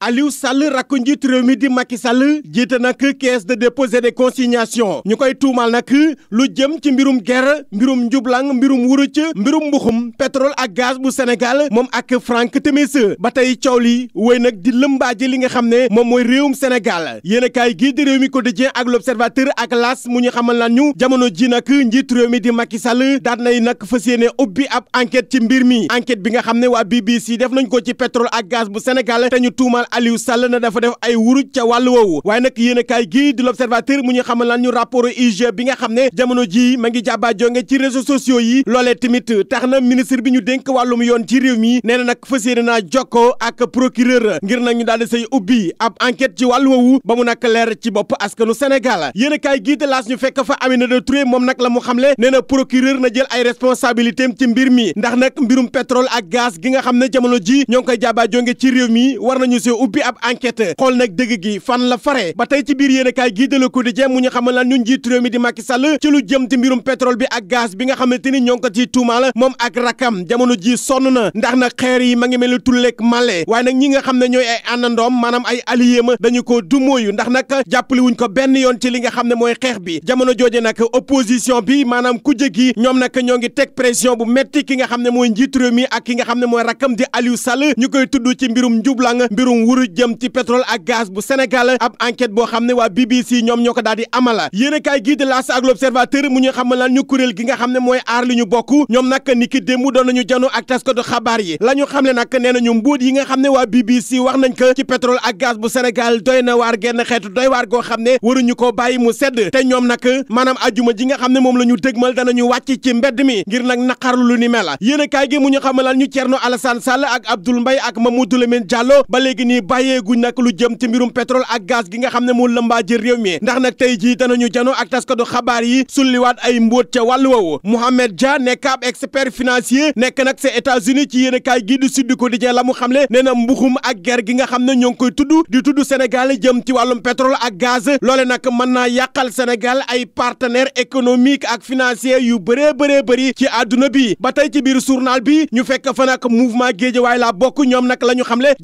Aliou Sall rakku njiitu réew mi di Macky Sall jiite nag caisse de dépôt et de consignation ñu koy tuumal nag lu jëm ci mbirum guerre mbirum njublang mbirum wuruc mbirum mbuxum pétrole ak gaz bu Sénégal moom ak Frank Timis ba tey coow li wéy nag di lëmbaaji li nga xam ne moom mooy réewum Sénégal yéenakaay a gii di réew mi quotidien ak l'observateur ak las mu ñu xamal lan ñu jamono ji nag njiitu réew mi di Macky Sall daan nay nag fas yéene ubbi ab enquête ci mbir mi enquête bi nga xam ne waa BBC def nañ ko ci pétrole ak gaz bu Sénégal te ñu tuumal Aliou Sall na dafa def ay wuruj ca wàll woowu waaye nag yéen a gii di l'observateur mu ñu xamal lan ñu rapport IG bi nga xam ne jamono jii ma ngi jàbbaa jonge ci réseaux sociaux yi loolee tamit tax na ministre bi ñu dénk wàllum yoon ci réew mi nee na nag fas yéene naa jokkoo ak procureur ngir nag ñu daal di say ubbi ab enquête ci wàll woowu ba mu nag leer ci bopp askanu Sénégal yéen gii di ñu fekk fa Aminata Touré moom nag la mu xamle nee na procureur na jël ay responsabilité am ci mbir mi ndax nag mbirum pétrole ak gaz gi nga xam ne jamono ji ñoo ngi koy jàbbaa jonge mi war nañu si ubbi ab enquête xool nag dëgg gi fan la fare ba tey ci biir yéen a kaay gii ko di Quotidien mu ñu xamal lan ñun njiitu réew mi di Macky ci lu jëm ci mbirum pétrole bi ak gaz bi nga xamante ni ñoo ngi ko ciy tuumaal moom ak rakam jamono ji sonn na ndax nag xeer yi ma ngi mel ni tulleeg male waaye nag ñi nga xam ne ñooy ay àndandoom maanaam ay allié ma dañu ko dumóoyu ndax nag jàppale ko benn yoon ci li nga xam ne mooy xeex bi jamono jooje nag opposition bi maanaam ku jëgi ñoom nag ñoo ngi teg pression bu metti ki nga xam ne mooy njiitu mi ak ki nga xam ne mooy rakam di Aliou Sall ñu koy tudd ci mbirum njublang mbirum wuru jëm ci pétrole ak gaz bu Sénégal ab enquête boo xam ne waa BBC ñoom ñoo ko daal di amala yéenekaay gii di L'As ak L'Observateur mu ñu xamal lan ñu kuréel gi nga xam ne mooy aar li ñu bokk ñoom nag ni ki démb doon nañu jano ak taskatu xabaar yi la ñu xam ne nag nee nañu mbuut yi nga xam ne waa BBC wax nañ ko ci pétrole ak gaz bu Sénégal doy na waar genn xeetu doy waar goo xam ne waruñu koo bàyyi mu sedd te ñoom nag maanaam ajuma ji nga xam ne moom la ñu dëgmal danañu wàcc ci mbedd mi ngir nag naqarlu lu ni mel yéenekaay gi mu ñu xamal ñu Thierno Alassane Sall ak Abdoul Mbaye ak Mamadou Lamine Diallo ba léegi nii nii bàyyeeguñ nag lu jëm ci mbirum pétrole ak gaz gi nga xam ne moo lëmbaa jër réew mi ndax nag tey jii danañu jano ak taskatu xabaar yi sulliwaat ay mbóot ca wàllu woowu Mohamed Dia nekk ab expert financier nekk nag sa États-Unis ci yéen kaay gii di Sud Quotidien la mu xamle nee na mbuxum ak ger gi nga xam ne ñoo ngi koy tudd di tudd Sénégal jëm ci wàllum pétrole ak gaz loole nag mën naa yàqal Sénégal ay partenaires économiques ak financiers yu bëree bëree bëri ci àdduna bi ba tey ci biir journal bi ñu fekk fa nag mouvement Guédiawaye la bokk ñoom nag la ñu xamle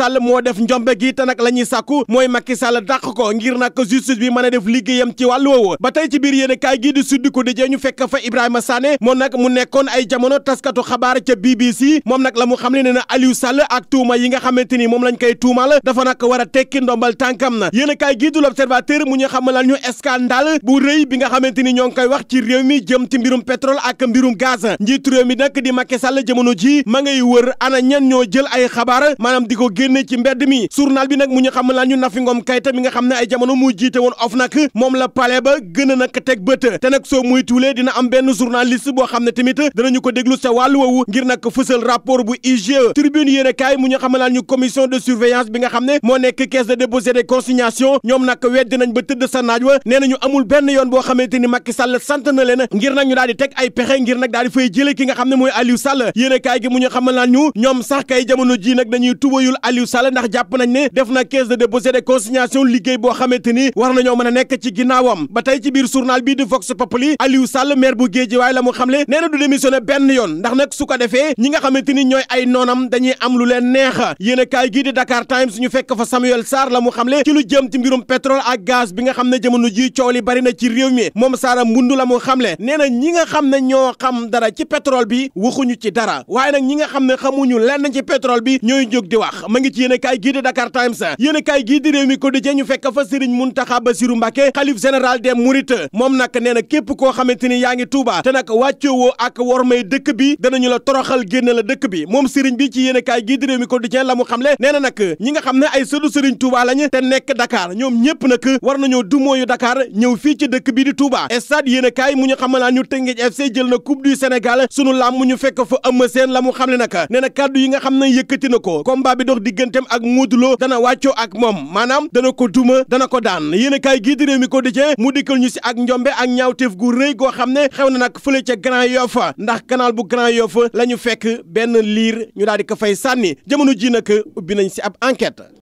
Sall moo def njombe gi te nag la ñuy mooy Macky Sall dàq ko ngir nag justice bi mën a def liggéeyam ci wàllu woowu ba tey ci biir yéen kaay gii di Sud Quotidien ñu fekk fa Ibrahima Sané moom nag mu nekkoon ay jamono taskatu xabaar ca BBC moom nag la mu xam ne ne a Aliou Sall ak tuuma yi nga xamante ni moom lañ koy tuumal dafa nag war a tekki ndombal tànkam na yéen kaay gii du l'Observateur mu ñu xamalal ñu scandale bu rëy bi nga xamante ni ñoo ngi koy wax ci réew mi jëm ci mbirum di Macky Sall jamono ji ma ngay wër ana ñan ñoo jël génn ci mbedd mi journal bi nag mu ñu xam ñu Nafi Ngom Keïta mi nga xam ne ay jamono mu jiite woon OFNAC moom la palais ba gën a nag teg bët te nag soo muy tuulee dina am benn journaliste boo xam ne tamit danañu ko déglu sa wàllu woowu ngir nag fësal rapport bu IGE tribune yéene mu ñu xam ñu commission de surveillance bi nga xam ne moo nekk caisse de dépôt et de consignation ñoom nag weddi nañ ba tëdd sa naaj wa nee nañu amul benn yoon boo xamante ni Macky Sall sant na leen ngir nag ñu daal di teg ay pexe ngir nag daal di fay jële ki nga xam ne mooy Aliou Sall yéene kaay gi mu xam laan ñu ñoom sax jamono ji nag dañuy tubayul Aliou Aliou Sall ndax jàpp nañ ne def na caisse de dépôt et de consignation liggéey boo xamante ni war nañoo mën a nekk ci ginnaawam ba tey ci biir journal bii di Vox Populi Aliou Sall maire bu Guédiawaye la mu xamle nee na du démissionné benn yoon ndax nag su ko defee ñi nga xamante ñooy ay noonam dañuy am lu leen neexa yéen a kaay gii di Dakar Times ñu fekk fa Samuel Sarr la mu xamle ci lu jëm ci mbirum ak gaz bi nga xam ne jamono ji coow li bari na ci réew mi moom Sarr Mbundu la na ñi nga xam ne ñoo xam dara ci pétrole bi waxuñu ci ma ngi ci yéen a kaay gii di Dakar Times yéen a gii di réew mi quotidien ñu fekk fa Serigne Mountakha Bassirou Mbacké xalif général des Mourides moom nag nee képp koo xamante yaa ngi Touba te nag wàccoowoo ak wormay dëkk bi danañu la toroxal génn la dëkk bi moom Serigne bi ci yéen a kaay gii di réew mi quotidien la mu xamle nee na ñi nga xam ne ay sëdu Serigne Touba lañ te nekk Dakar ñoom ñëpp nag war nañoo dumooyu Dakar ñëw fii ci dëkk bi di Touba stade yéen a kaay la mu xamle nag nee na kàddu yi nga na ko combat bi digganteem ak Modou Lo dana wàccoo ak moom maanaam dana ko duma dana ko daan yéen a kaay gii di réew mi ko di cee mu dikkal ñu si ak njombe ak ñaawteef gu rëy goo xam ne xew na nag fële ca Grand Yoff ndax canal bu Grand Yoff la ñu fekk benn liir ñu daal di ko fay sànni jamono ji nag ubbi nañ si ab enqete